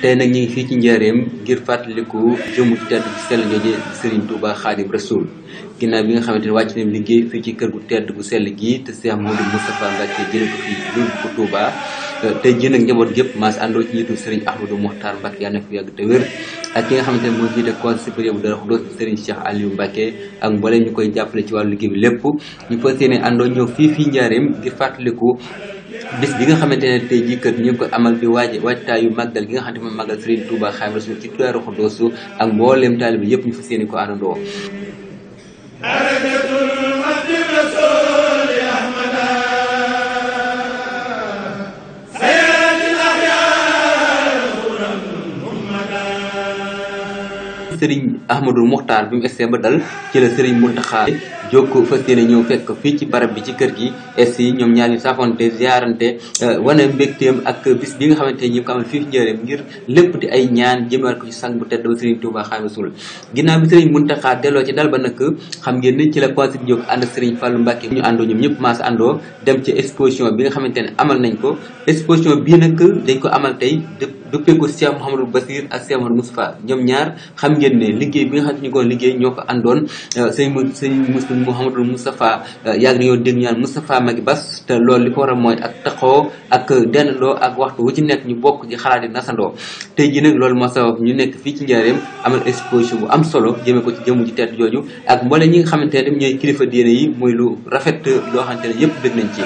te nag ñu ngi fii ci njaareem ngir fàttaliku jëmu tedd bu sell nga ji Serigne Touba Khadim Rasoul ginnaaw bi nga xamante ne wàcc nañ liggéey fii ci kër gu te Cheikh Modou Moustapha Mbacke jële ko fii yóbbu ko Touba tey jii nag njaboot gépp maas àndoo ci njiitu Serigne Ahmadou Mokhtar Mbacke yàlla na yàgg te wér ak ki nga xamante ne moo jiite conseil supérieur bu Darou Khoudoss Serigne Cheikh Aliou Mbacke ak mbooleem ñu koy jàppale ci wàllu liggéey bi lépp ñu fas yéene àndoo ñëw fii fii njaareem ngir fàttaliku bis bi nga xamante ne te jii kër ñu ngi ko amal di waaje waajtaayu màggal gi nga xamante moom màggal Serigne Touba Xaadimu Rasuul ci Daaru Xudoos ak yëpp ñu fas yéene ko àndandoo sëriñ Ahmadou Mokhtar bi mu egsee ba dal ci la sëriñ Muntaxa jokkoo fas yéene ñëw fekk fii ci barab bi ci kër gi es yi ñoom ñaar ñu safonte ziarante euh, wane mbégteem ak bis bi nga xamante ñi ko amal fii njëreem ngir lépp di ay ñaan jëmal ko ci sang bu tedd ba Sëriñ Tuuba Xaadimu Rasuul ginnaaw bi Sëriñ Muntaxa delloo ci dal ba nag xam ngeen ni ci la conseil jóg ànd Sëriñ Fàllu Mbàkke ñu àndoo ñoom ñëpp maas bi nga xamante ne amal nañ ko exposition bii nag dañ ko amal tey duppee ko Cheikh Mouhamadou Basir ak Cheikh Mouhamadou Moustapha ñoom ñaar xam ngeen ne liggéey bi nga xam ne ñu ko liggéey ñoo ko àndoon euh, sëñ sëñ Muslim Mouhamadou Moustapha euh, yàgg nañoo dégg ñaan Moustapha Maguette Bass te loolu li ko war a mooy ak taxoo ak dendandoo ak waxtu wu ci nekk ñu bokk ci xalaat yi nasandoo tey jii nag loolu moo sabab ñu nekk fii ci njaareem amal exposition bu am solo jëmee ko ci jëmu ji tedd jooju ak mboole ñi nga xamante ne ñooy kilifa diine yi muy lu rafet loo xamante ne yëpp dégg nañ ci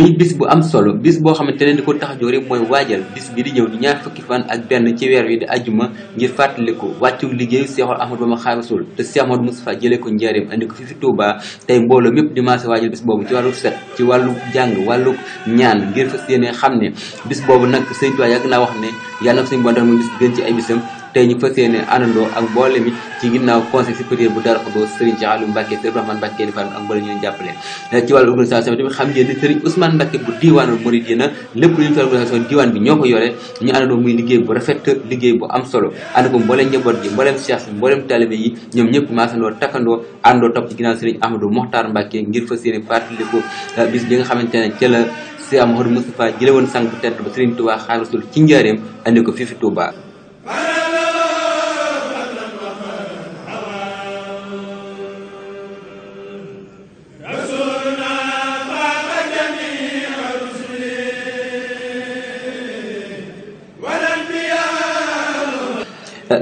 muy bis bu am solo bis boo xamante ne di ko tax a jóg rek mooy waajal bis bi di ñëw di ñaar fukki fan ak benn ci weer wi di ajuma ngir fàttaliku wàccu liggéeyu Seexul Ahmadu Bamba Xaadimu Rasuul te Seex Ahmadu Mustafaa jëlee ko njaareem andi ko fi fi Tuubaa tey mbooloo mépp di maase waajal bis boobu ci wàllu set ci wàllu jàng wàllu ñaan ngir fas yéene xam ne bis boobu nag Sëñ Tuubaa yàgg naa wax ne yàlla na ko suñu bon muy bis bi gën ci ay bisam tey ñu fas yéene àndandoo ak mboolem mi ci ginnaaw conseil supérieur bu Darou Khoudoss Serigne eh, ci wàllu organisation bi tamit xam ngeen ne lépp lu ñu fi organisation diwaan bi ñoo ko yore ñu àndandoo muy liggéey bu rafet liggéey bu am solo ànd ko mbooleem njaboot gi mbooleem cheikh bi mbooleem talibé yi ñoom ñëpp maasandoo takkandoo àndoo topp ci ginnaaw Serigne Ahmadou Mokhtar Mbacké ngir fas yéene fàttaliku eh, bis bi nga xamante ne ca si Amadou Moustapha jële woon sang bu tedd ba Serigne ko fii fi Touba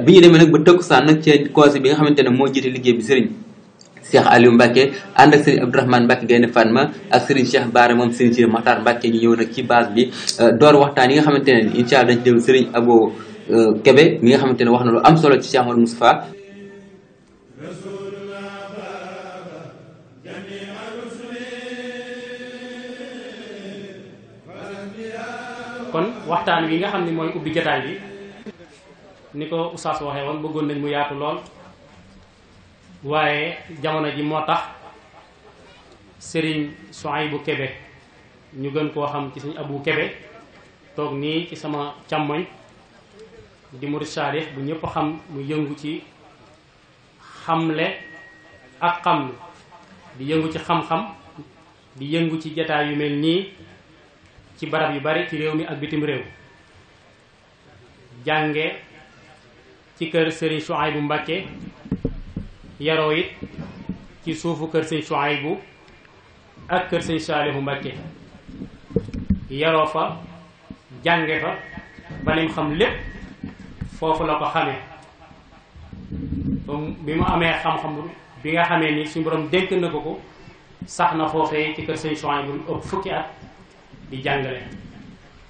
bi ñu demee nag ba tëkkusaan nag ci conseil bi nga xamante ne moo jiite liggéey bi sëriñ Cheikh Aliou Mbacke ànd ak Serigne Abdourahmane Mbacke Gaynde Fatma ak Serigne Cheikh Baara moom Serigne Cheikh Makhtar Mbacke ñu ñëw nag ci base bi euh, door waxtaan yi nga xamante ne incha allah dañ ci déglu Serigne Abo euh, Kebe mi nga xamante ne wax na lu am solo ci Cheikh Amadou Moustapha xam ne mooy ubbi jotaay bi niko oustaz waxe won bëggoon nañ mu yaatu lol waye jamono ji motax serigne sëriñ kebe ñu gën ko xam ci serigne Abou kebe tok ni ci sama chamoy di mourid sharif bu ñepp xam mu yëngu ci xamle ak xam di yëngu ci xam-xam di yëngu ci jota yu mel ni ci barab yu bari ci rew mi ak bitim rew ci kër sëriñ bu mbakke yaroo it ci suufu kër sëriñ bu ak kër sëriñ bu Mbacké yaroo fa jànge fa ba xam lépp foofu la ko xamee donc bi mu amee xam-xam bi nga xamee ni suñu borom dénk na ko ko sax na foofee ci kër sëriñ Chouaïbou lu ëpp fukki at di jàngale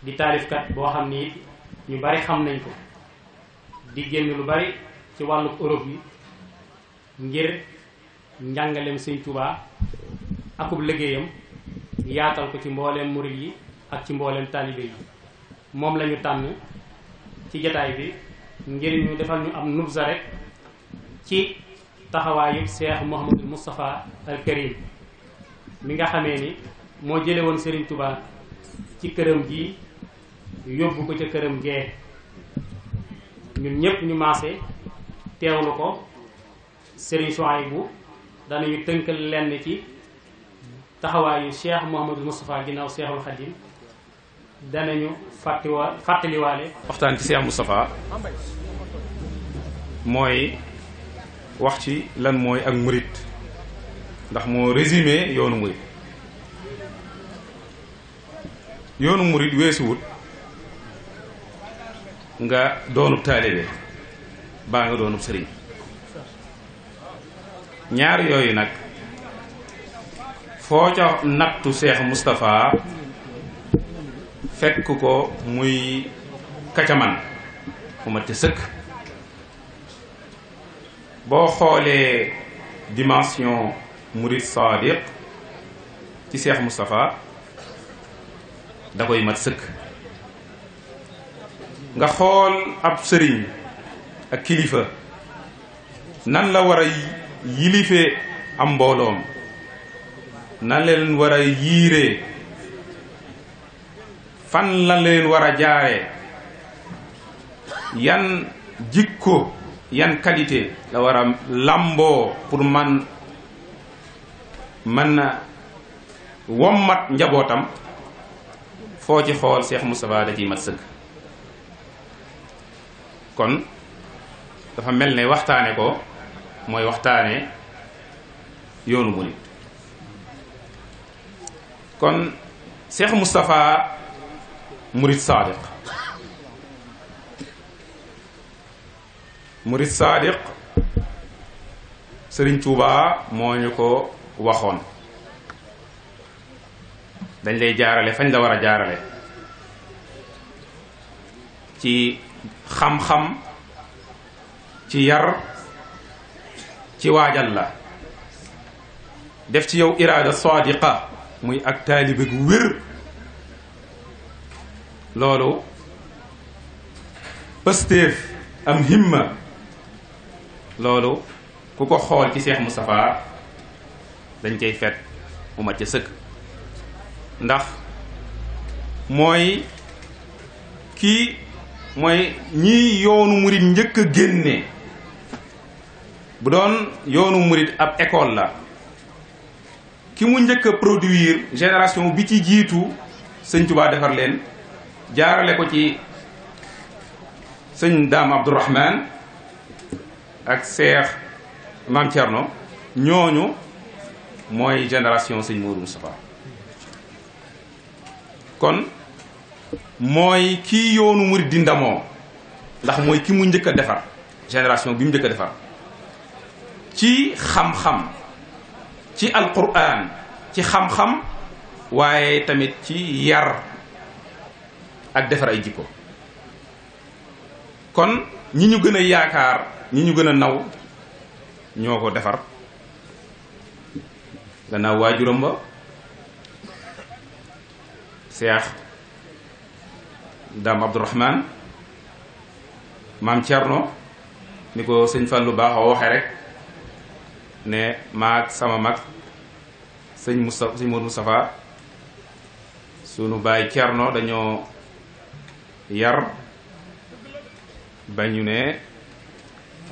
di taalifkat boo xam ni ñu bari xam nañ ko di génn lu bari ci wàllu Europe yi ngir njàngaleem sëñ Touba akub liggéeyam yaatal ko ci mbooleem murit yi ak ci mbooleem taalibe yi moom lañu tànn ci jataay bi ngir ñu defal ñu am nubza rek ci taxawaayu Cheikh Mouhamadul Moustapha al Karim mi nga xamee ni moo jële woon Serigne tubaa ci këram gi yóbbu ko ca këram gee ñun ñëpp ñu maase teewlu ko Serigne Souhaïbou danañu tënkal lenn ci taxawaayu Cheikh Mouhamadou Moustapha ginnaaw Cheikhul Khadim danañu fàttiwa fàttaliwaale. waxtaan ci Cheikh Moustapha mooy wax ci lan mooy ak murit ndax moo résumé yoonu murit yoonu murit weesuwut nga doonub taalibe baa nga doonub sëriñ ñaar yooyu nag foo ca nattu Cheikh Moustapha fekk ko muy kacaman fu ma te sëkk boo xoolee dimension murid sadiq ci Cheikh Moustapha da koy mat sëkk nga xool ab sëriñ ak kilifa nan la war a yilifee am mbooloom nan leen war a fan la leen war a jaaree yan jikko yan qualité la war làmboo pour man mën na wommat njabootam foo ci xool Cheikh Moustapha da ciy mat sëkk kon dafa mel ne waxtaane ko mooy waxtaane yoonu murit kon Cheikh Moustapha murit saadiq murit saadiq sëriñ Tuuba moo ñu ko waxoon dañ lay jaarale fañ la war a jaarale ci xam-xam ci yar ci waajal la def ci yow iraada sadiqa muy ak taalibe gu wér loolu pëstéef am himma loolu ku ko xool ci Seex Moustapha dañ cay fet mu mat ca sëkk ndax mooy kii mooy ñii yoonu murit njëkk a bu doon yoonu murit ab école la ki mu njëkk a produire génération bi ci jiitu sëñ Tuubaa defar leen jaarale ko ci sëñ Daam Abdourahman ak Seex Maam Cerno ñooñu mooy génération sëñ Moodu Moustapha kon mooy kii yoonu mu di ndamoo ndax mooy ki mu njëkk a defar génération bi mu njëkk a defar ci xam-xam ci alquran ci xam-xam waaye tamit ci yar ak defar ay jikko kon ñi ñu gën a yaakaar ñi ñu gën a naw ñoo ko defar gannaaw waajuram ba seex dam abdourahman mam tierno Niko ko fallou fallu baaxoo waxe rek ne Mak sama Mak, seigne mustafa seigne moodu sunu baay tierno daño yar bañu ne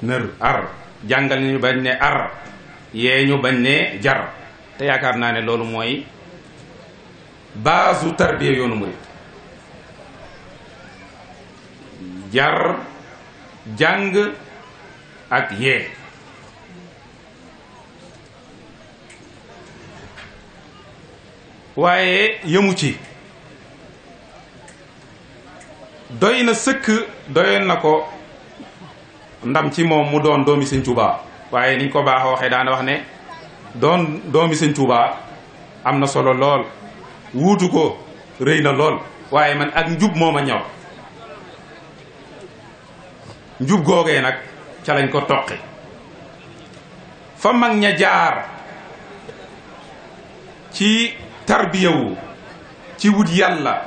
ner ar jangal ñu bañ ne ar yee ñu bañ ne jar te yakarna ne loolu moy bazu tarbiya yonu murid jar jàng ak yee waaye yëmu ci doy na sëkk doyoon na ko ndam ci moom mu doon doomi sëñ Tuubaa waaye niñ ko baaxoo waxee daana wax ne doon doomi sëñ Tuubaa am na solo lool wuutu ko rëy na lool waaye man ak njub moo ma ñor njub googee nag ca lañ ko toqi fa mag ña jaar ci tarbiyawu ci wut yàlla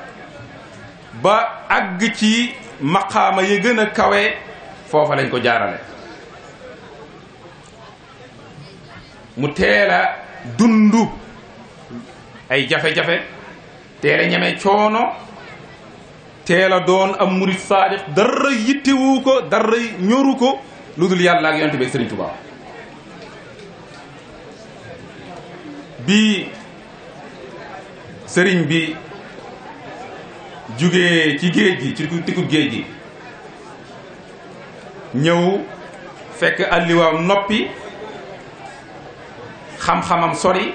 ba àgg ci maqaama yi gën a kawe foofa lañ ko jaarale mu teel a dund ay jafe-jafe teel ñeme coono teel a doon am murit saadix dara yittewu ko dara ñoru ko lu dul yàlla ak yonent bi Sëriñ Tuubaa bi sëriñ bi jugee ci géej gi ci tikub géej gi ñëw fekk alliwaam noppi xam-xamam sori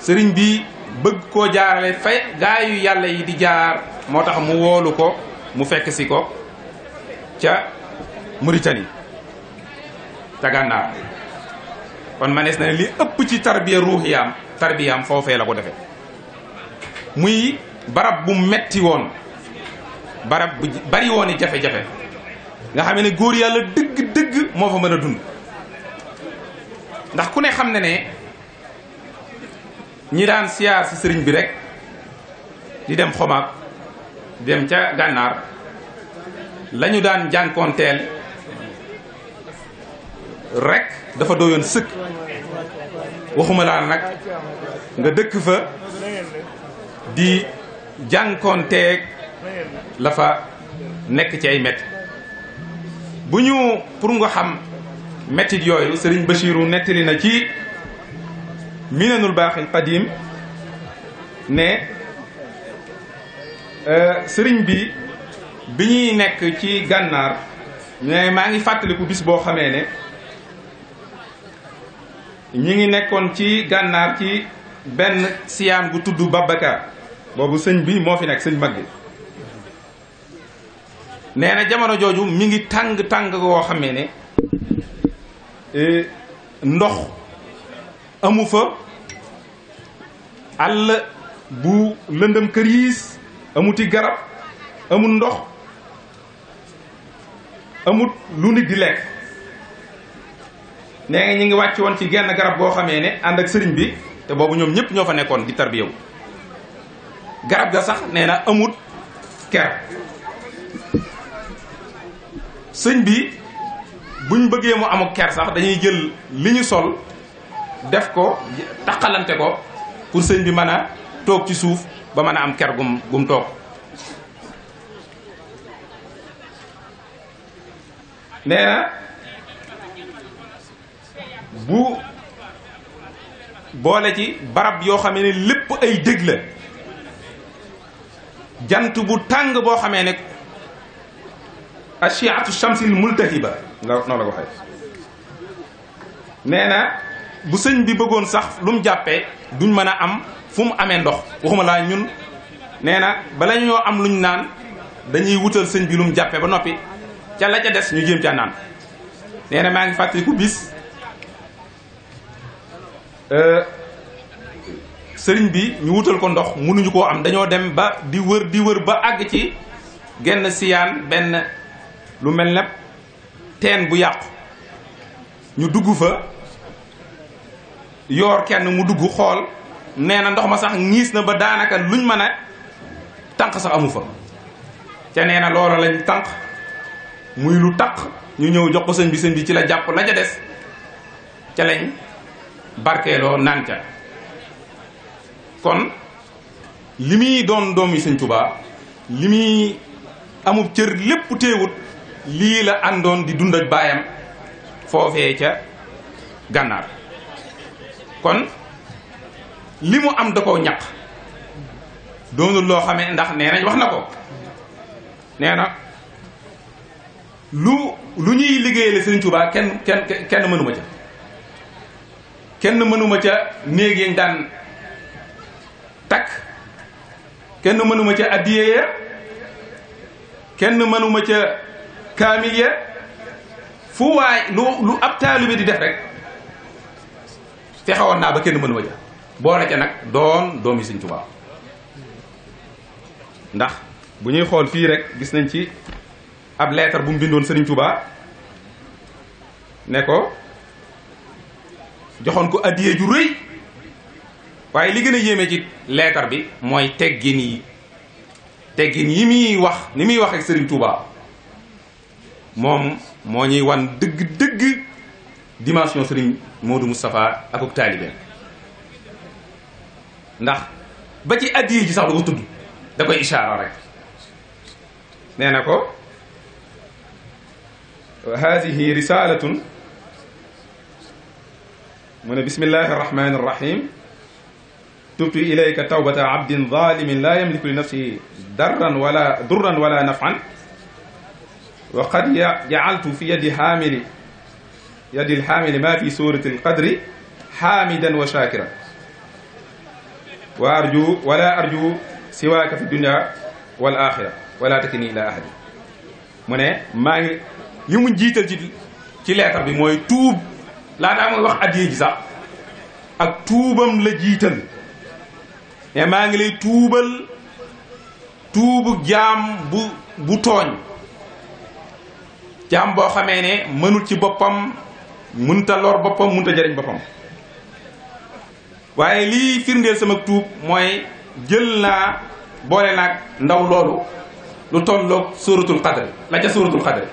sëriñ bi bëgg koo jaarale fay gaayu yàlla yi di jaar motax mu wolu ko mu fekk ci ko ca Mauritanie tagana kon manes na li ëpp ci tarbiya ruhiyam tarbiyam fofé la ko defee muy barab bu metti won barab bu bari woni jafé jafe nga xamé ne goor yalla deug deug mo fa mëna dund ndax ku ne xamné né ñi daan siyar ci sëriñ bi rek di dem xomaag dem ca gànnaar lañu daan jànkoonteel rekk dafa doyoon sëkk waxuma laa nag nga dëkk fa di jànkoonteeg la fa nekk ci ay metti bu ñu pour nga xam mettit yooyu sëriñ Bachiru nettali na ci minanul baaxil qadim ne Euh, sëriñ bi bi ñuy nekk ci gànnaar mais maa ngi fàttaliku bis boo xamee ne ñi ngi nekkoon ci gànnaar ci benn siyaam gu tudd Babacar boobu sëñ bi moo fi nekk sëñ mag bi nee na jamono jooju mi ngi tàng tàng woo xamee ne e, ndox amu fa àll bu lëndëm këriis amuti garab amul ndox amut lu nit di lekk nee nga ñu ngi wàcc woon ci genn garab goo xamee ne ànd ak sëriñ bi te boobu ñoom ñëpp ñoo fa nekkoon di tarbiyewu garab ga sax nee na amut ker sëñ bi bu ñu bëggee mu amuk ker sax dañuy jël li ñu sol def ko taqalante ko pour sëñ bi mën a toog ci suuf ba mën a am ker gum gum toog nee na bu boole ci barab yoo xamee ne lépp ay dég la jant bu tàng boo xamee ne ashiatu shamsil multahiba nga noonu la nee na bu sëñ bi bëggoon sax lu jàppee duñ mën a am fu mu amee ndox waxuma ñun nee na bala ñoo am luñ naan dañuy wutal sëñ bi lum jàppee ba noppi ca la ca des ñu jéem caa naan nee maa ngi fàttaliku bis euh, sëriñ bi ñu wutal ko ndox mënuñu koo am dañoo dem ba di wër di wër ba àgg ci genn siyaan benn lu mel ne teen bu yàqu ñu dugg fa yoor kenn mu dugg xool nee na ndox ma sax niis na ba daanaka luñ mën a tànq sax amu fa ca nee na loola lañ tànq muy lu taq ñu ñëw jox ko sëñ bi sëñ bi ci la jàpp la ja des ca lañ barkeeloo naan ca kon li muy doon doom yi sëñ Tuubaa li muy amub cër lépp téewut lii la àndoon di dund ak baayam foofee ca gànnaar kon li mu am da ñaq ñàq loo xame ndax nee nañ wax na ko nee na lu lu ñuy liggéeyale Sëriñ Tuubaa kenn kenn kenn mënuma ca kenn mënuma ca néeg daan takk kenn mënuma ca addiye ya kenn mënuma ca kaamil ya fu waay lu lu ab taalibe di def rek fexewoon naa ba kenn mënuma ca boo ca nag doon doomi Sëñ Tuubaa ndax bu ñuy xool fii rek gis nañ ci ab leetar bu mu bindoon Sëriñ Tuubaa ne ko joxoon ko addiye ju rëy waaye li gën a yéeme ci leetar bi mooy teggin yi teggin yi muy wax ni muy wax ak Sëriñ Tuubaa moom moo ñuy wan dëgg dëgg dimension Sëriñ Moodu Moustapha akuk taalibe ndax ba ci addiye ji sax du ko tudd da koy ishaara rek nee na ko hadihi risalatun mu ne bismillahi arrahmani arrahim tubtu ilayka tawbata abdin zalimin la yamliku li nafsihi darran wala durran wala nafan وقد جعلت في يد حامل يد الحامل ما في سورة القدر حامدا وشاكرا wa arju wala arju siwaaka fi dunya wal axira wala takini ila ahadi mu ne maa ngi li mu jiital ci ci leetar bi mooy tuub laataa mooy wax addiye ji sax ak tuubam la jiital mais maa ngi lay tuubal tuubu jaam bu bu tooñ jaam boo xamee ne mënul ci boppam mënta lor boppam mënta jëriñ boppam waaye lii firndeel sama tuub mooy jël naa boole naag ndaw loolu lu tolloog sóoratul xadre la ca sóoratul xadre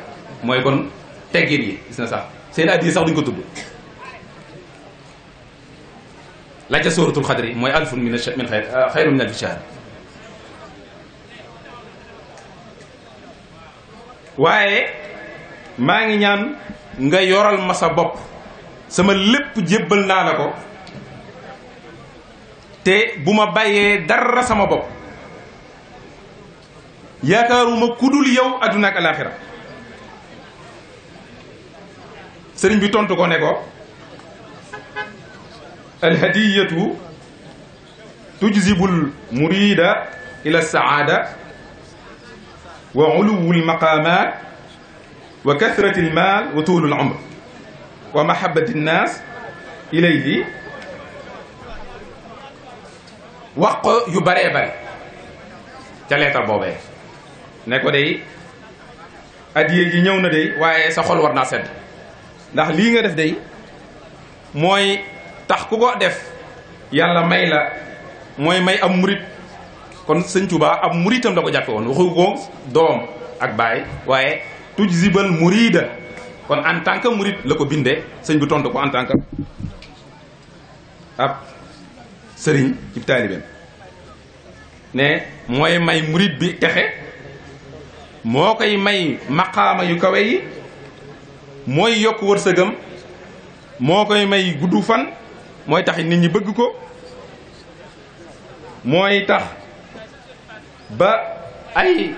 mooy kon teggin yi gis na ca sóoratul xadre yi mooy alfun min min euh, xayru min waaye maa ngi ñaan nga yoral ma sa bopp sama lépp jébbal naa la ko te buma bayé dara sama bop yaakaaruma kudul yow aduna ak alaxira serigne bi tontu ko neko al hadiyatu tujzibul murida ila saada wa uluwu maqamat wa al mal wa al umr wa mahabbati nas ilayhi wax ko yu baree bari ca leetar boobee ne ko dey addiye ji ñëw na dey waaye sa xol war naa sedd ndax lii nga def dey mooy tax ku ko def yàlla may la mooy may am murit kon sëñ Tuubaa ab muritam la ko jàppe woon waxu ko doom ak baay waaye tuj zibal murida kon en tant que murit la ko bindee sëñ bi tontu ko en sëriñ ci taalibeem ne mooy may murit bi texe moo koy may maqaama yu kawe yi mooy yokk wërsëgam moo koy may gudd fan mooy tax nit ñi bëgg ko mooy tax ba ay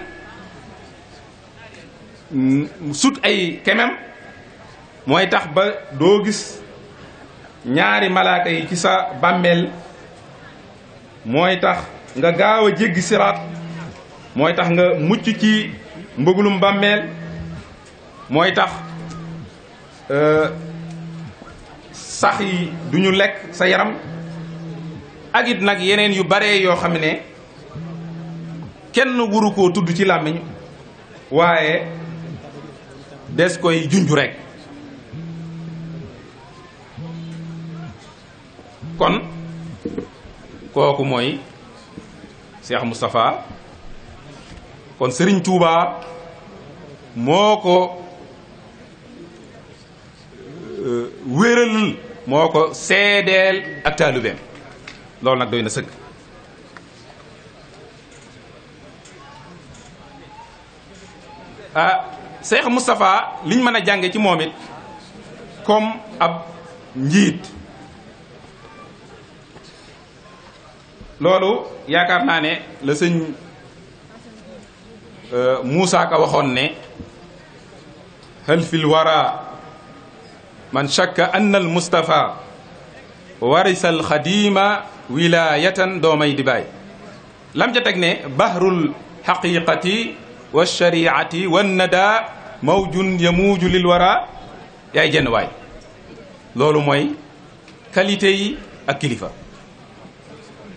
sut ay kemem mooy tax ba doo gis ñaari malaaka yi ci sa bàmmeel mooy tax nga gaaw a jéggi siraat mooy tax nga mucc ci mbëgulum bàmmeel mooy tax euh, sax yi du lekk sa yaram agit nag yeneen yu bare yoo xam ne kenn wuru koo tudd ci làmmiñ waaye des koy junj kon kooku mooy Cheikh Moustapha kon sëriñ Touba moo ko euh, wéeralal moo ko seedeel ak taalubeem loolu nag doy na sëgg ah Cheikh Moustapha liñ mën a jànge ci moom it comme ab njiit loolu yaakaar naa ne seigne euh Moussa ka waxone ne hal fil wara man shakka anna al mustafa warisa al khadima wilayatan doomay di baay lam ja tek ne bahrul haqiqati wash shariati wan nada mawjun yamuj lil wara yay jenn way loolu moy qualité yi ak kilifa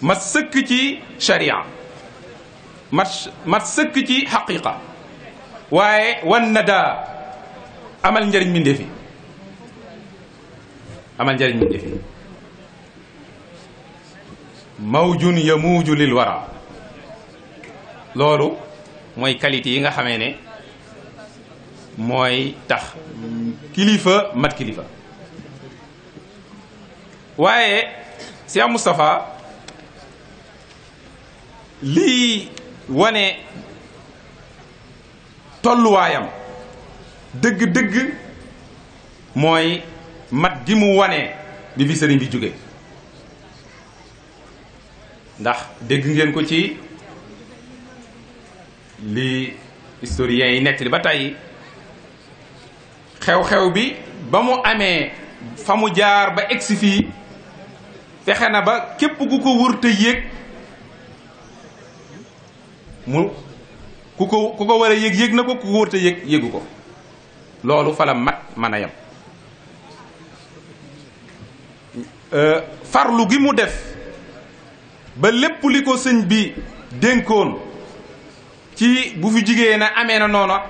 ما سكتي شريعة ما سكتي حقيقة واي وندا عمل نجري من دفي عمل نجري من دفي موج يموج للورى لولو موي كاليتي ييغا خاميني موي تخ كليفة مات كليفة واي سيام مصطفى lii wane tolluwaayam dëgg-dëgg mooy mat gi mu wane bi fi sëriñ bi jóge ndax dégg ngeen ko ci li historiens yi nettali ba tey xew-xew bi ba mu amee fa mu jaar ba egsi fii fexe na ba képp ku ko wër yéeg mu ku ko ku ko war a yëg yëg na ko ku ko wërta yëg yëgu ko loolu fa mat mën a yem euh, farlu gi mu def ba lépp li ko sëñ bi dénkoon ci bu fi jigéen na amee na noona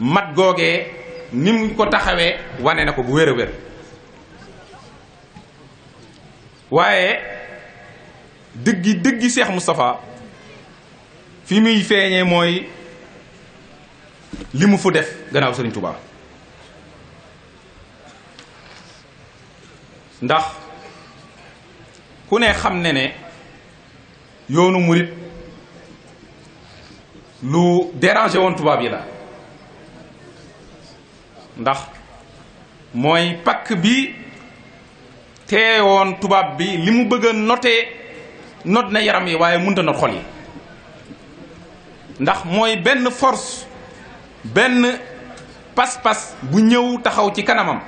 mat googee ni mu ko taxawee wane na ko bu wér a wér waaye dëggi dëggi Seex Moustapha fi muy feeñee mooy li mu fu def gannaaw Sëriñ Tuubaa ndax ku ne xam ne ne yoonu murit lu derange woon tubaab yi la ndax mooy pakk bi teewoon tubaab bi li mu bëgg a not na yaram yi waaye mënta not xol yi ndax mooy benn force benn pas-pas bu ñëw taxaw ci kanamam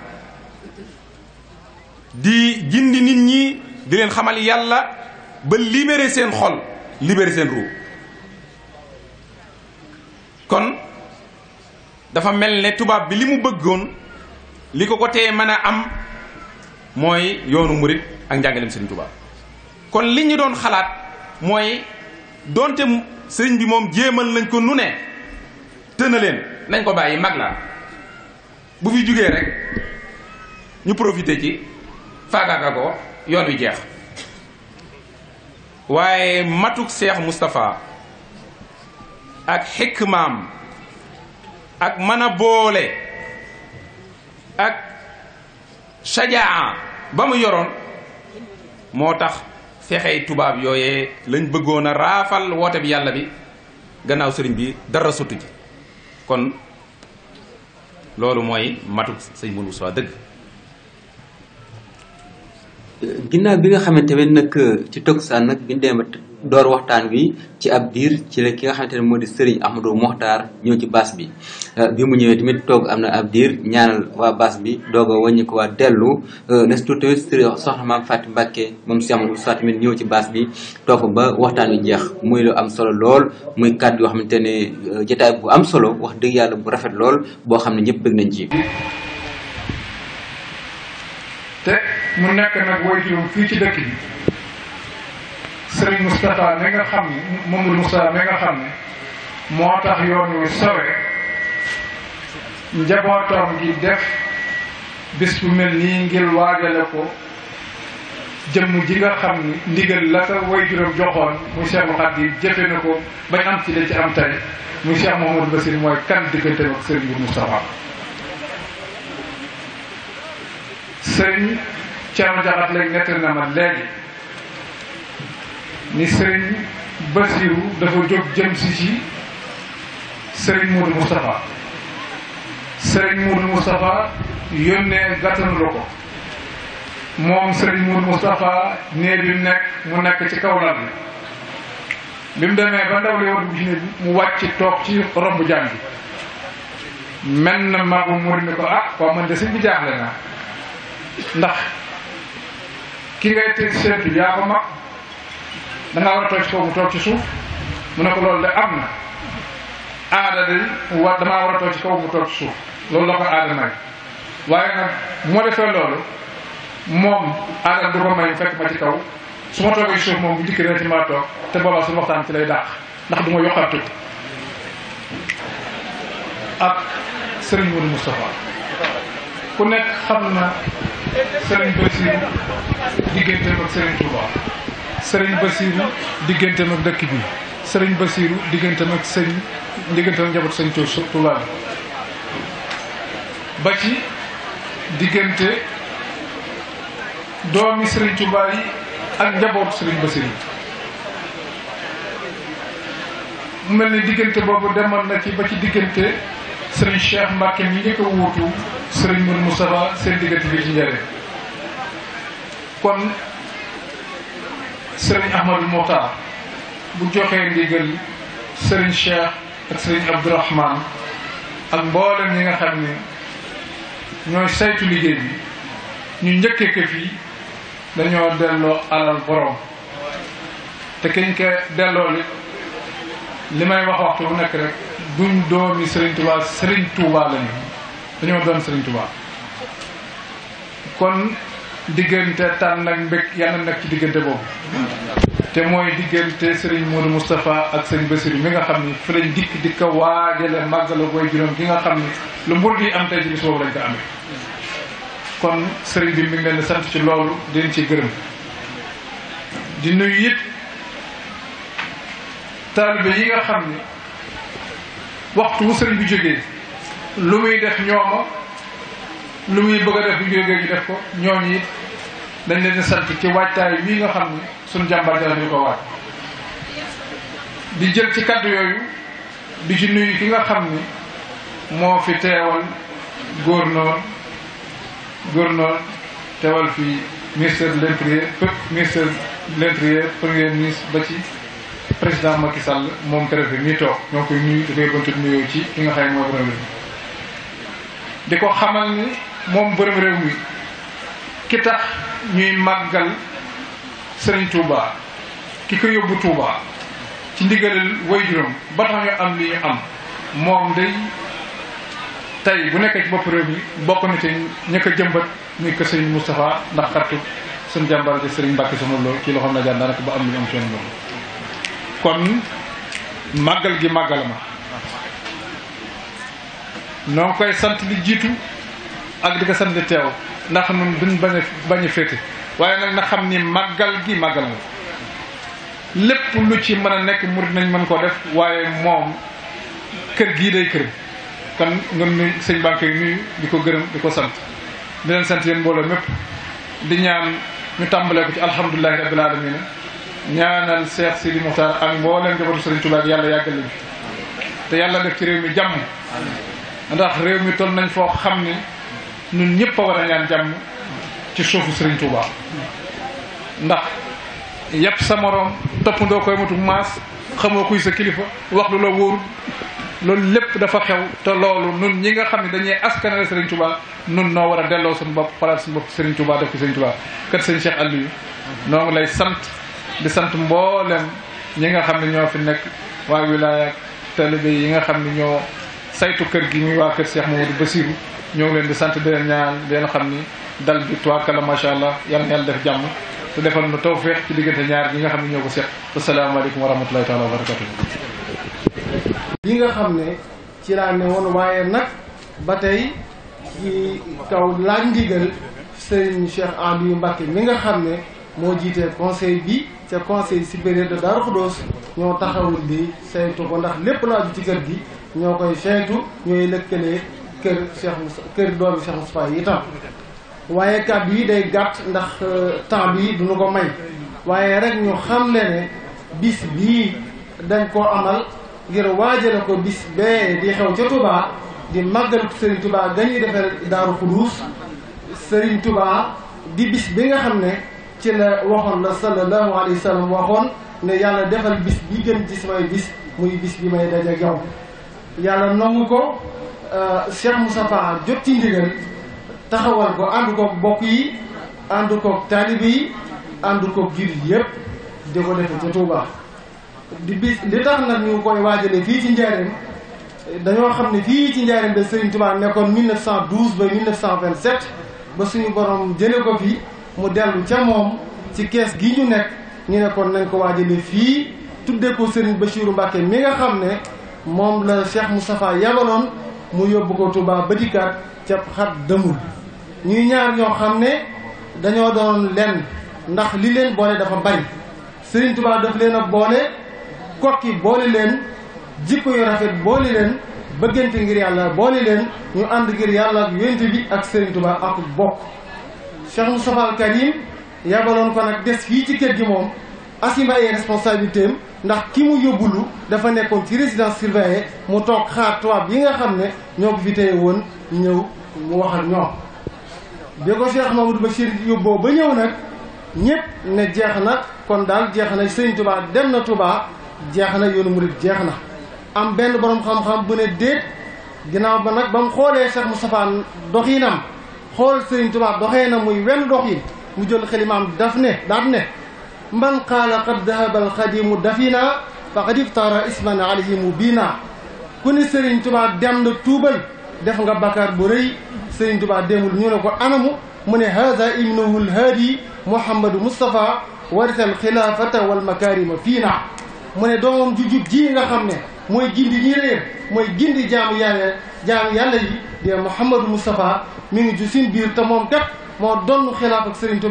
di jindi nit ñi di leen xamal yàlla ba libérer seen xol libérer seen ruu kon dafa mel ne tubaab bi li mu bëggoon li ko ko tee mën a am mooy yoonu murit ak njàngaleem seen tubaab kon li ñu doon xalaat mooy doonte sëriñ bi moom jéemal nañ ko nu ne tëna leen nañ ko bàyyi mag la bu fi jugee rek ñu profité ci faagaaka ko yoon wi jeex waaye matuk seex mustafaa ak xikmaam ak mën boole ak sajaa ba mu yoroon moo tax fexey tubaab yooyee lañ bëggoon a raafal woote bi yàlla bi gannaaw sëriñ bi dara sutu ji kon loolu mooy matu sëñ mu Moussa dëgg. ginnaaw bi nga xamante ne nag ci toog saa nag bi ñu demee door waxtaan wi ci ab diir ci la ki nga xamante ne moo di Serigne Ahmadou Mokhtar ñëw ci baas bi euh, bi mu ñëwee tamit toog am na ab diir ñaanal waa baas bi doog a wàññi ko waa dellu euh, nes tuuti tamit Serigne soxna maam Fatou Mbacké ñëw ci baas bi toog ba waxtaan wi jeex muy lu am solo lool muy kàddu yoo xamante ne euh, jotaay bu am solo wax dëgg yàlla bu rafet lool boo xam ne ñëpp bëgg nañ ci te mu nekk nag woy fii ci dëkk sëriñ Moustapha mi nga xam ne Mamadou Moustapha mi nga xam ne moo tax yoon wi sowe njabootoom gi def bis bu mel nii ngir waajale ko jëmm ji nga xam ni ndigal la ko way juróom joxoon muy mu Khadim jëfe na ko bañ am ci la ci am tey muy Cheikh Mouhamadou Bassir mooy sëriñ bu Moustapha sëriñ Thierno Diakhaté léegi ni sëriñ Basiru dafa jóg jëm si ci sëriñ Modou Moustapha sëriñ Modou Moustapha yónnee gàttanu ko moom sëriñ Modou Moustapha néeg bi mu nekk mu nekk ci kaw lal bi mu demee ba ndaw li war dugg ci mu wàcc toog ci romb jàng bi mel na magu Modou ni ko ah waaw man de sëñ naa ndax ki ngay teg seet yaa ko mag dangaa war a toog ci kaw mu toog ci suuf mu ne ko loolu de am na aada de wa damaa war a toog ci kaw mu toog ci suuf loolu la ko aada may waaye nag moo defee loolu moom aada du ko may fekk ma ci kaw su ma toogee ci suuf moom bu njëkk dina ci maa toog te boobaa suñu waxtaan ci lay dàq ndax du ma yokkatu ak Serigne Modou Moustapha ku nekk xam na Serigne Bassirou diggante ak Serigne Touba. sëriñ Basiiru diggante ak dëkk bi sëriñ Basiiru diggante ak sëñ diggante ak njabootu sëñ Tuubaa bi ba ci diggante doomi sëriñ Tuubaa yi ak njabootu sëriñ Basiiru mu mel ni diggante boobu demoon na ci ba ci diggante sëriñ Cheikh mbakke mi njëkk wuutu sëriñ Mourou Moustapha seen diggante bi ci njëriñ kon sëriñ Ahmadou Moutar bu joxee ndigal sëriñ Cheikh ak sëriñ Abdourahman ak mboolem yi nga xam ni ñooy saytu liggéey bi ñu njëkkee ko yi dañoo delloo alal borom te kiñ ko delloo li li may wax waxtu bu nekk rek duñ doomi sëriñ Touba sëriñ Touba lañu dañoo doon sëriñ Touba kon diggante tànn ak mbég yàlla nag ci diggante boobu te mooy diggante sëriñ Modou Moustapha ak sëriñ Bassirou mi nga xam ni fi lañ dikk di ko waajale màggalu booy juróom gi nga xam ni lu mbur gi am tey ci boobu lañ ko amee kon sëriñ bi mi ngi leen sant ci loolu di leen ci gërëm di nuyu it taalibe yi nga xam ni waxtu wu sëriñ bi jógee lu muy def ñooma lu muy bëgg a def bu jógee ñu def ko ñooñu it dañ leen sant ci waajtaay bii nga xam ne suñ jàmbar dara ñu ko waaj di jël ci kàddu yooyu di ci nuyu ki nga xam ni moo fi teewal gouverneur gouverneur teewal fi ministère de l'intérieur ministère de l'intérieur premier ministre ba ci président Macky Sall moom préfet mii toog ñoo koy nuyu dafay bëntu nuyoo ci ki nga xam ne moo gën di ko xamal ni moom borom réew mi ki tax ñuy màggal sëriñ Touba ki ko yóbbu Touba ci ndigalal waajuram ba tax ñu am li am moom day tey bu nekkee ci bopp réew mi bokk na te ña ko jëmbat muy ko sëriñ Moustapha ndax xartu suñ jàmbar ji sëriñ Mbàkke sama loolu kii loo xam ne jaar daanaka ba am li am seen loolu kon màggal gi màggal ma noo koy sant li jiitu ak di ko sant teew ndax nun duñ bañ bañ féete waaye nag na xam ni màggal gi màggal na lépp lu ci mën a nekk murid nañ man ko def waaye moom kër gii day kër kon ngan nu sëñ banque yi di ko gërëm di ko sant di leen sant yéen mbooloo mépp di ñaan ñu tàmbalee ko ci alhamdulilahi rabbil alamin ñaanal Seex Sidi Muxtaar ak mbooleem njabootu Sëriñ Tuubaa yàlla yàggal lañu te yàlla def ci réew mi jàmm ndax réew mi toll nañ foo xam ni ñun ñëpp a war a ñaan jàmm ci suufu Sëriñ Tuuba ndax yàpp sa morom toppandoo koy matu maas xamoo kuy sa kilifa wax lu la wóorul loolu lépp dafa xew te loolu nun ñi nga xam ne dañuy askanale Sëriñ Tuuba nun noo war a delloo suñu bopp xalaat suñu bopp Sëriñ tubaa def ko Sëriñ Tuuba kat sëñ Cheikh Aliou noo ngi lay sant di sant mboolem ñi nga xam ne ñoo fi nekk waa wilaaya ak talibe yi nga xam ne ñoo saytu kër gi muy waa kër Cheikh Mamadou Bassirou ñoo leen di sant di leen ñaan di leen xam ni dal bi tuwaakala macha allah yal na yàlla def jàmm te defal nu ci diggante ñaar ñi nga xam ne ñoo ko seq asalaamaaleykum wa rahmatulahi taala wa barakatuhu li nga xam ne ci laa waaye nag ba tey ci kaw laaj ndigal sëriñ Cheikh Aliou Mbacke mi nga xam ne moo jiite conseil bi ca conseil supérieur de Darou Khoudoss ñoo taxawul di saytu ko ndax lépp laaju ci kër gi ñoo koy saytu ñooy lëkkalee kër Cheikh Moussa doomi Cheikh Moustapha yi itam waaye kàddu yi day gàtt ndax euh, temps bi duñu ko may waaye rek ñu xam le ne bis bii dañ koo amal ngir waajale ko bis bee di xew ca Touba di màggal Serigne Touba gañuy defee Daaru Xuduus Serigne Touba di bis bi nga xam ne ci la waxoon la sallallahu alayhi wa sallam waxoon ne yàlla defal bis bi gën ci samay bis muy bis bi may daje ak yàlla nangu ko Euh, Cheikh Moustapha jot ci ndigal taxawal ko ànd koog mbokk yi ànd koog taalibe yi ànd koog jullit yépp di ko defe ca Touba di bis li tax nag ñu koy waajale fii ci Njaareem dañoo xam ne fii ci Njaareem de Serigne Touba nekkoon 1912 ba 1927 ba suñu borom jële ko fi mu dellu ca moom ci kees gi ñu nekk ñu nekkoon nañ ko waajale fii tudde ko ba Bachirou Mbacke mi nga xam ne moom la Cheikh Moustapha yabaloon mu yóbbu ko Touba ba dikkaat ca xat dëmul ñuy ñaar ñoo xam ne dañoo doon lenn ndax li leen boole dafa bari Serigne Touba daf leen a boole kokki boole leen jikko yu rafet boole leen bëggante ngir yàlla boole leen ñu ànd ngir yàlla ak yonent bi ak Serigne Touba ak bokk Cheikh Moustapha Al Karim yabaloon ko nag des fii ci kër gi moom assumé ay responsabilités am ndax ki mu yóbbulu dafa nekkoon ci résidence surveillée mu toog xaar tubaab yi nga xam ne ñoo ko fi téye woon ñëw mu wax ak ñoom bi ko Cheikh ma Bachir yóbboo ba ñëw nag ñépp ne jeex na kon daal jeex na Sëriñ Tuubaa dem na Tuubaa jeex na yoonu murid jeex na am benn boroom xam-xam bu ne déet ginnaaw ba nag ba mu xoolee Cheikh Moustapha doxinam xool Sëriñ Tuubaa doxee na muy wenn doxin mu jël xelimaam daf ne daat ne من قال قد ذهب الخديم دفينا فقد افترى اسما عليه مبينا كوني سيرين توبا دامد توبل داف nga بكار بوري سيرين توبا ديمول ني نكو انامو من هذا ابنه الهادي محمد مصطفى ورث الخلافة والمكارم فينا من دوم جوجو جي nga xamne moy gindi ni reer moy gindi jaamu yalla jaamu yalla yi de محمد مصطفى mi ngi ju sin bir ta mom tek mo donu khilafa ak serigne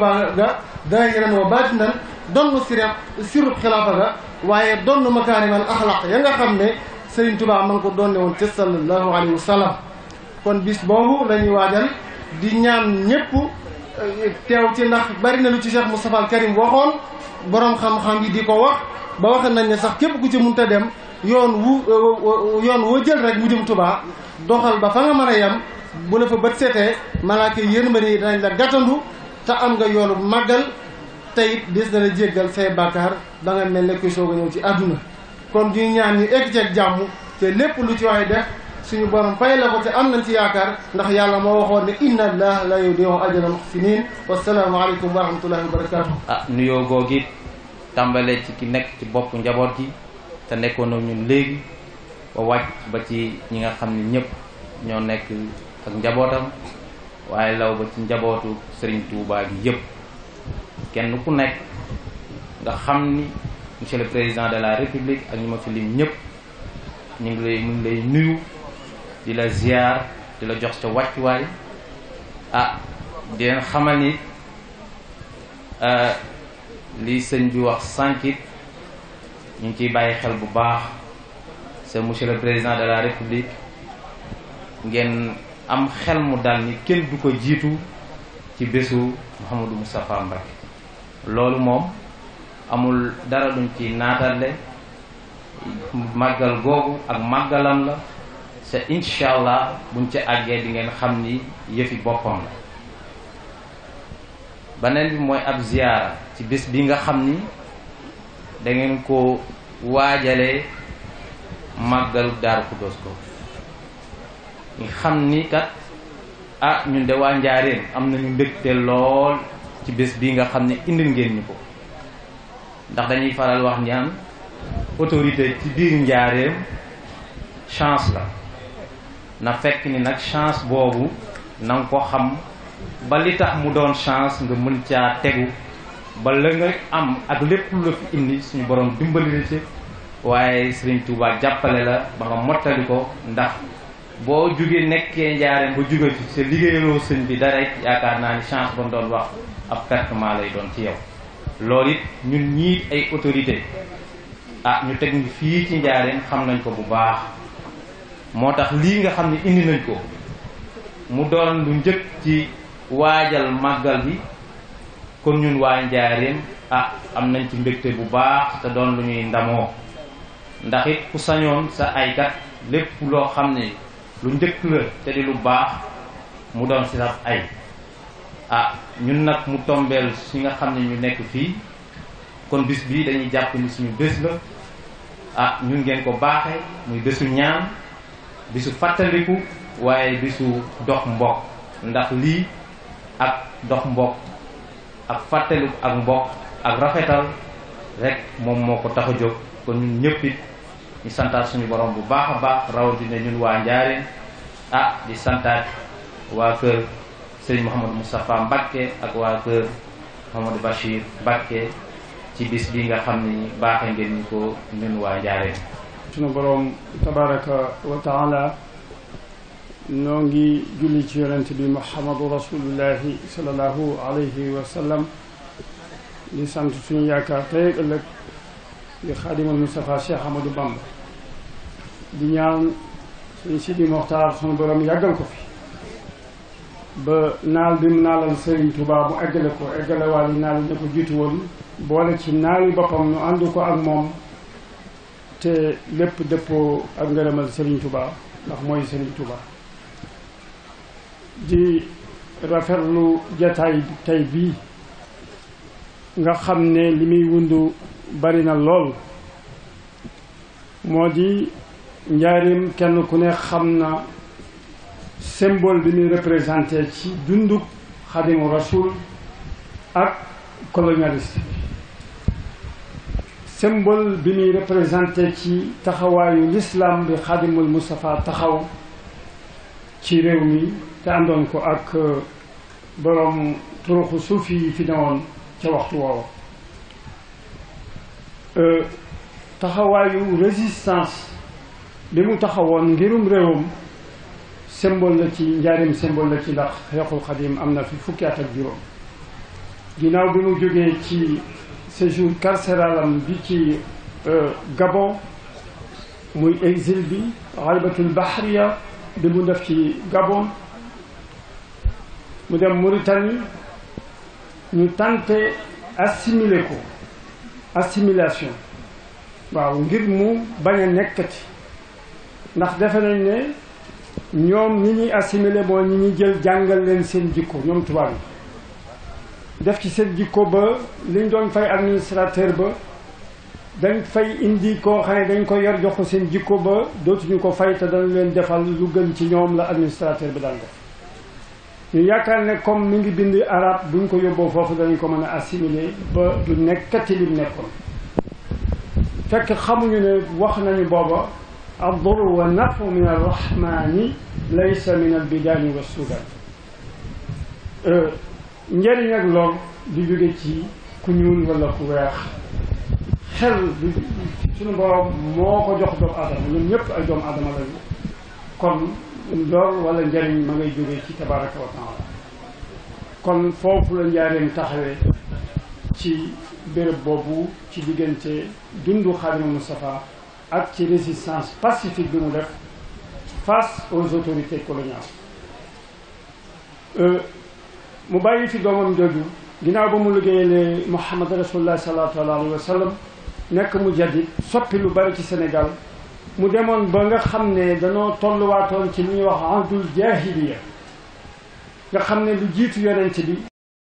donn sirab sirub xilaafa ga waaye donn makaarimal axlaq ya nga xam ne Sëriñ ma man ko donne woon ca sallallahu alayhi wa sallam kon bis boobu la ñuy waajal di ñaan ñépp eh, teew ci ndax bari na lu ci Cheikh Moustapha al Karim waxoon borom xam-xam yi di ko wax ba wax nañ ne sax képp ku ci mënta dem yoon wu eh, yoon woo jël rek mu jëm Tuubaa doxal ba fa nga mën a yem bu la fa bët seetee malaaka yërmande yi danañ la gàttandu te am nga yoonu màggal tey des na la jéggal say bàkkaar da mel ne kuy soog a ñëw ci àdduna kon ñuy ñaan ñu egg ceeg jàmm te lépp lu ci waay def suñu borom fay la ko te am nañ ci yaakaar ndax yàlla moo waxoon ne inna allah la yudiu ajral muhsinin wasalaamu aleykum wa rahmatullahi wa barakatu ah nuyoo googi tàmbalee ci ki nekk ci bopp njaboot gi te nekkoon ak ñun léegi ba wàcc ba ci ñi nga xam ne ñëpp ñoo nekk ak njabootam waaye law ba ci njabootu Serigne Touba gi yëpp kenn ku nekk nga xam ni monsieur le président de la république ak ñu ma fi lim ñëpp ñu ngi lay ñu ngi lay nuyu di la ziar di la jox sa wàccuwaay ah di leen ni euh, li sëñ bi wax sànkit ñu ngi ciy bàyyi xel bu baax c'est monsieur le président de la république ngeen am xel mu dal ni kenn du ko jiitu ci bésu Mouhamadou Moustapha Mbacké loolu moom amul dara luñ ci naatalle màggal googu ak màggalam la te incha allah buñ ci àggee di ngeen xam ni yëfi boppam la beneen bi mooy ab ziyaara ci bés bi nga xam ni dangeen ko waajale màggalu Daaru Xudoos ko nga xam ni kat ah ñun de waa Njaaréem am nañu mbégte lool ci bés bii nga xam ne indil ngeen ñu ko ndax dañuy faral wax ñaan autorité ci biir njaareem chance la na fekk ni nag chance boobu na nga ko xam ba li tax mu doon chance nga mën caa tegu ba la nga am ak lépp lu la fi indi suñu borom dimbali la ci waaye Sëriñ Tuubaa jàppale la ba nga mottali ko ndax boo jugee nekkee njaareen ba jóge fi te liggéeyaloo sëñ bi dara it yaakaar naa ni chance ba doon wax ab pertement lay doon ci yow lool it ñun ñii ay autorité ah ñu teg ñu fii ci njaareen xam nañ ko bu baax moo tax lii nga xam ne indi nañ ko mu doon lu njëkk ci waajal màggal bi kon ñun waa njaareem ah am nañ ci mbégte bu baax te doon lu ñuy ndamoo ndax ku sañoon sa aykat lépp loo xam ne lu njëkk la te di lu baax mu doon si sab ay ah ñun nag mu tombeel si nga xam ne ñu nekk fii kon bis bii dañuy jàpp ni suñu bés la ah ñu ngeen ko baaxe muy bésu ñaan bisu fàttaliku waaye bisu dox mbokk ndax lii ak dox mbokk ak fàttaliku ak mbokk ak rafetal rek moom moo ko tax a jóg kon ñun ñëpp ñu santaat suñu borom bu baax a baax rawatina ñun waa Njaaréem ah di santaat waa kër Serigne Mouhamadou Moustapha Mbacké ak waa kër Mouhamadou Bachir Mbacké ci bis bi nga xam baax a ngeen ko ñun waa Njaaréem suñu borom tabaraka wa taala noo ngi julli ci yonent bi Muhammadu rasulullahi sallallahu alayhi wa sant suñu yaakaar tey ëllëg di xaadimal Moustapha Cheikh Amadou Bamba di ñaan suñu Sidi Moxtaar suñu borom yàggal ko fi ba naal bi mu naalal Serigne Touba bu eggale ko eggale waal yi naal yi ko jiitu woon boole ci naali boppam ñu ànd ko ak moom te lépp dëppoo ak ngërëmal Serigne Touba ndax mooy Serigne Touba di rafetlu jataay tay bii nga xam ne li muy wundu bari na lool moo di kenn ku ne xamna symbole bi ni representer ci dunduk khadim rasul ak colonialiste symbole bi ni representer ci taxawayu l'islam bi khadim al mustafa taxaw ci réew mi te andon ko ak borom turuxu sufi fi dawon ci waxtu wowo taxawaayu résistance bi mu taxawoon ngirum réewam symbol la ci njaarim symbol la ci ndax xeexul xadim am na fi fukki at ak juróom ginnaaw bi mu jógee ci séjour carcéral am bi ci Gabon muy exil bi xalbatul bahriya bi mu def ci Gabon mu dem Mauritanie ñu tenté assimiler ko assimilation waaw ngir mu bañ a nekkati ndax defe nañ ne ñoom ñi ñuy assimilé moo ñi ñuy jël jàngal leen seen jikko ñoom tubaab yi def ci seen jikko ba liñ doon fay administrateur ba dañ fay indi koo xam ne dañ ko yor jox ko seen jikko ba dootuñu ko fay te dañ leen defal lu gën ci ñoom la administrateur bi daan def ñu yaakaar ne comme mi ngi bind arab buñ ko yóbboo foofu dañu ko mën a assimilé ba du nekk nekkati lim nekkoon fekk xamuñu ne wax nañu booba الضر والنفع من الرحمن ليس من البدان والسودان njëriñ ak lor du jóge ci ku ñuul wala ku weex xel du suñu borom moo ko jox doomu aadama ñun ñëpp ay doomu aadama lañu kon ndoor wala njariñ ma ngay jóge ci tabaraka wa kon foofu la njaareem taxawee ci béréb boobu ci diggante dundu Xaadimu Mustafaa ak ci résistance pacifique bi mu def face aux autorités coloniales euh, mu bàyyi fi doomam jooju ginnaaw ba mu liggéeyalee Muhammad rasulullah sallallahu alayhi wa sallam nekk mu jaddi soppi lu bari ci Sénégal mu demoon ba nga xam ne danoo tolluwaatoon ci li ñuy wax antul jaahiliya nga xam ne lu jiitu yonent bi